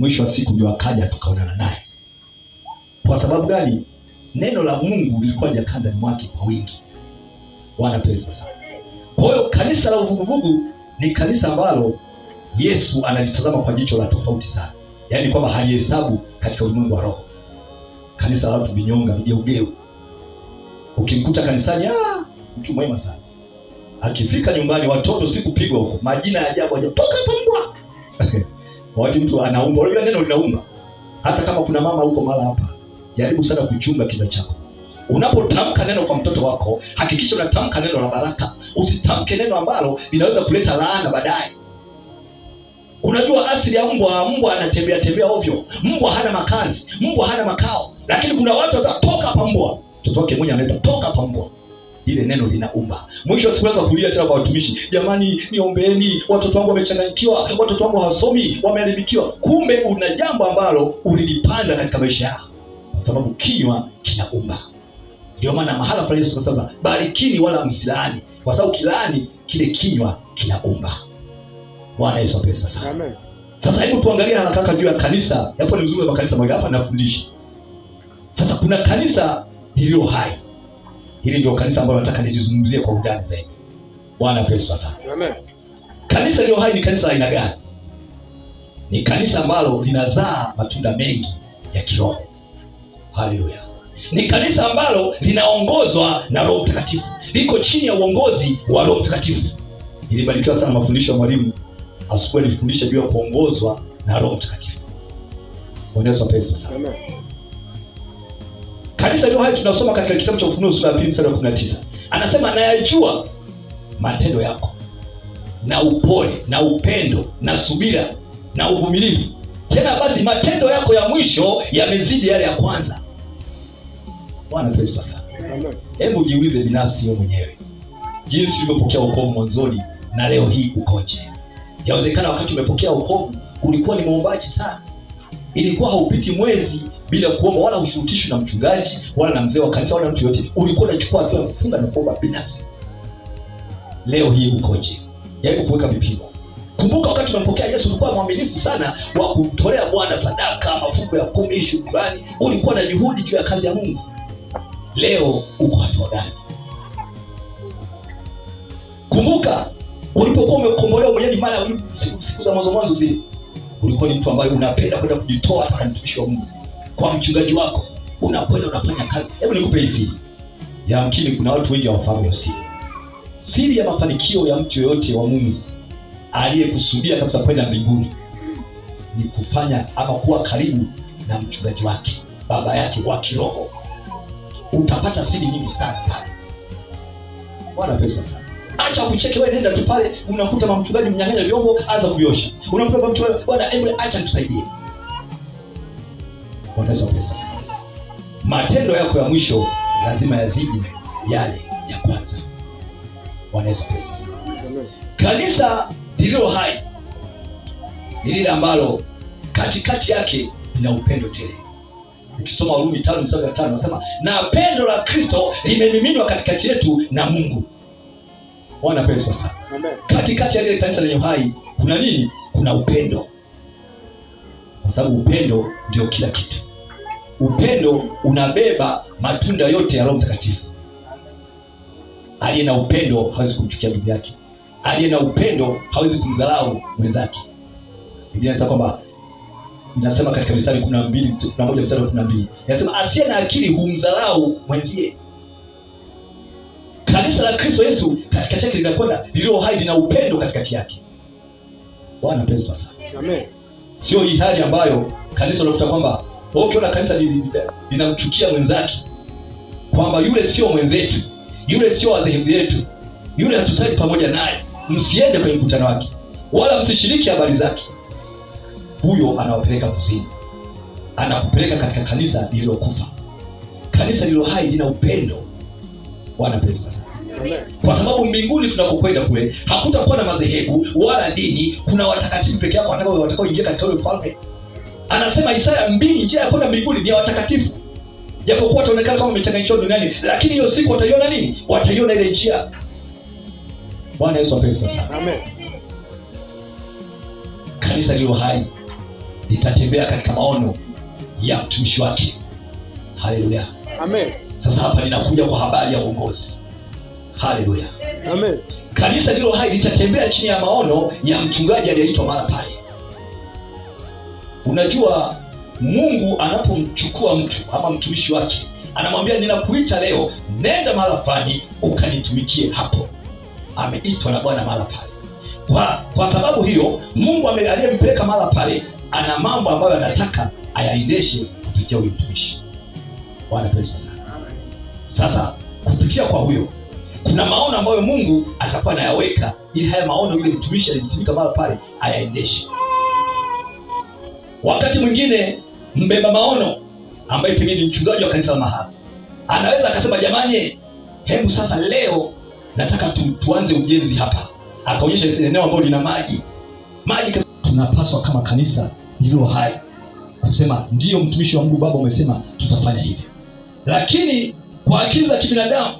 mwisho wa siku ndio akaja tukaonana naye. Kwa sababu gani? Neno la Mungu lilikuwa jakandani mwake kwa wingi. Bwana pesa sana. Kwa hiyo kanisa la uvuguvugu ni kanisa ambalo Yesu analitazama kwa jicho la tofauti sana, yaani kwamba halihesabu katika ulimwengu wa roho. Kanisa la watu vinyonga, vigeugeu. Ukimkuta kanisani, ah, mtu mwema sana, akifika nyumbani, watoto sikupigwa huko, majina ya ajabu, hajatoka hapa mbwa wakati mtu anaumba, unajua neno linaumba. Hata kama kuna mama huko mara hapa, jaribu sana kuchunga kinywa chako. Unapotamka neno kwa mtoto wako, hakikisha unatamka neno la baraka, usitamke neno ambalo linaweza kuleta laana baadaye. Unajua asili ya mbwa, mbwa anatembea tembea ovyo, mbwa hana makazi, mbwa hana makao, lakini kuna watu watatoka hapa mbwa, mtoto wake mwenye anaita toka hapa mbwa ile neno linaumba mwisho sikuweza kulia tena kwa watumishi jamani niombeeni watoto wangu wamechanganyikiwa watoto wangu hawasomi wameharibikiwa kumbe una jambo ambalo ulilipanda katika maisha yako kwa sababu kinywa kinaumba ndio maana mahala pale yesu akasema barikini wala msilaani kwa sababu kilaani kile kinywa kinaumba bwana yesu apewe sana Amen. sasa hebu tuangalie haraka juu ya kanisa yapo ni mzuri makanisa moja hapa nafundisha sasa kuna kanisa lililo hai Hili ndio kanisa ambalo nataka nilizungumzie kwa undani zaidi. Bwana pesa sana. Amen. Kanisa lililo hai ni kanisa la aina gani? Ni kanisa ambalo linazaa matunda mengi ya kiroho. Haleluya. Ni kanisa ambalo linaongozwa na Roho Mtakatifu, liko chini ya uongozi wa Roho Mtakatifu. Ilibarikiwa sana mafundisho ya mwalimu asikuwa nifundisha juu ya kuongozwa na Roho Mtakatifu. Bwana Yesu sana. Amen. Kabisa hiyo hayo tunasoma katika kitabu cha Ufunuo sura ya pili mstari wa kumi na tisa anasema nayajua matendo yako na upole na upendo na subira na uvumilivu, tena basi matendo yako ya mwisho yamezidi yale ya kwanza. Bwana Yesu sana. Hebu jiulize binafsi wewe mwenyewe jinsi ulivyopokea ukovu mwanzoni na leo hii ukoje? Yawezekana wakati umepokea ukovu ulikuwa ni mwombaji sana ilikuwa haupiti mwezi bila kuomba wala ushurutishwi na mchungaji wala na mzee wa kanisa wala mtu yote. ulikuwa unachukua hatua ya kufunga na kuomba binafsi leo hii ukoje jaribu kuweka vipimo kumbuka wakati unampokea yesu ulikuwa mwaminifu sana wa kumtolea bwana sadaka mafungo ya kumi shukurani ulikuwa na juhudi juu ya kazi ya mungu leo uko hatua gani kumbuka ulipokuwa umekombolewa mwenyewe mara siku za mwanzo mwanzo zile ulikuwa ni mtu ambaye unapenda kwenda kujitoa hata mtumishi wa Mungu, kwa mchungaji wako unakwenda unafanya kazi. Hebu nikupe hii siri, yamkini kuna watu wengi hawafahamu hiyo siri. Siri ya mafanikio ya mtu yoyote wa Mungu aliyekusudia kabisa kwenda mbinguni ni kufanya ama kuwa karibu na mchungaji wake, baba yake wa kiroho. Utapata siri nyingi sana pale. Bwana pesa sana acha kucheki wewe, nenda tu pale, unakuta mamchungaji mnyang'anya vyombo, anza kuosha. Unakuta mamchungaji, bwana, hebu acha tusaidie. Wanaweza pesa sana. Matendo yako ya mwisho lazima yazidi yale ya kwanza. Wanaweza pesa sana. Kanisa lililo hai ni lile ambalo katikati yake lina upendo tele ukisoma Warumi tano mstari tano anasema na pendo la Kristo limemiminwa katikati yetu na Mungu wanapendwa sana. Katikati ya ile kanisa lenye uhai kuna nini? Kuna upendo, kwa sababu upendo ndio kila kitu. Upendo unabeba matunda yote ya Roho Mtakatifu. Aliye na upendo hawezi kumchukia ndugu yake, aliye na upendo hawezi kumdharau mwenzake. Biblia inasema kwamba inasema katika Mithali kumi na mstari wa inasema asiye na akili humdharau mwenzie kanisa la Kristo Yesu katikati yake linakwenda lililo hai, lina upendo katikati yake. Bwana pendwa sana, amen. Sio hii hali ambayo kanisa unakuta kwamba ukiona kanisa linamchukia mwenzake kwamba yule sio mwenzetu, yule sio wadhehebu yetu, yule hatusali pamoja naye, msiende kwenye mkutano wake wala msishiriki habari zake. Huyo anawapeleka kuzini, anakupeleka katika kanisa lililokufa. Kanisa lililo hai lina upendo. Bwana pesa sana kwa sababu mbinguni tunakokwenda kule hakutakuwa na madhehebu wala dini kuna watakatifu peke yako watakaoingia katika ule ufalme anasema isaya mbili njia ya kwenda mbinguni ni ya watakatifu japokuwa wataonekana kama wamechanganyikiwa duniani lakini hiyo siku wataiona nini wataiona ile njia bwana yesu apenzi sana Amen. kanisa lilo hai litatembea katika maono ya mtumishi wake haleluya sasa hapa ninakuja kwa habari ya uongozi Haleluya, amen. Kanisa lilo hai litatembea chini ya maono ya mchungaji aliyeitwa mara pale. Unajua, Mungu anapomchukua mtu ama mtumishi wake, anamwambia ninakuita leo, nenda mara fulani ukanitumikie hapo. Ameitwa na Bwana mara pale. Kwa, kwa sababu hiyo Mungu aliyempeleka mara pale ana mambo ambayo anataka ayaendeshe kupitia huyo mtumishi. Bwana pesa sana. Sasa kupitia kwa huyo kuna maono ambayo mungu atakuwa anayaweka ili haya maono yule mtumishi alimsimika mara pale ayaendeshe wakati mwingine mbeba maono ambaye pengine ni mchungaji wa kanisa la mahali anaweza akasema jamani hebu sasa leo nataka tu, tuanze ujenzi hapa akaonyesha eneo ambayo lina maji maji tunapaswa kama kanisa lililo hai kusema ndiyo mtumishi wa mungu baba umesema tutafanya hivyo lakini kwa akili za kibinadamu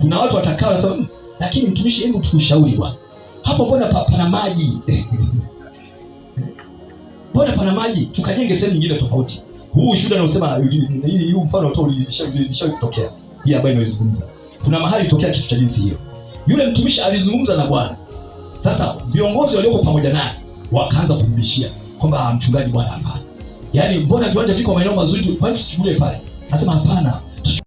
kuna watu watakao sababu, mm, lakini mtumishi, hebu tukushauri bwana, hapo mbona pana maji mbona pana maji, tukajenge sehemu nyingine tofauti. Huu anasema hii, huu mfano tu ulishawahi kutokea, hii ambayo inaizungumza, kuna mahali tokea kitu cha jinsi hiyo. Yule mtumishi alizungumza na Bwana. Sasa viongozi walioko pamoja naye wakaanza kumbishia kwamba mchungaji, bwana, hapana, yaani mbona viwanja viko maeneo mazuri, kwani tusichukue pale? Anasema hapana,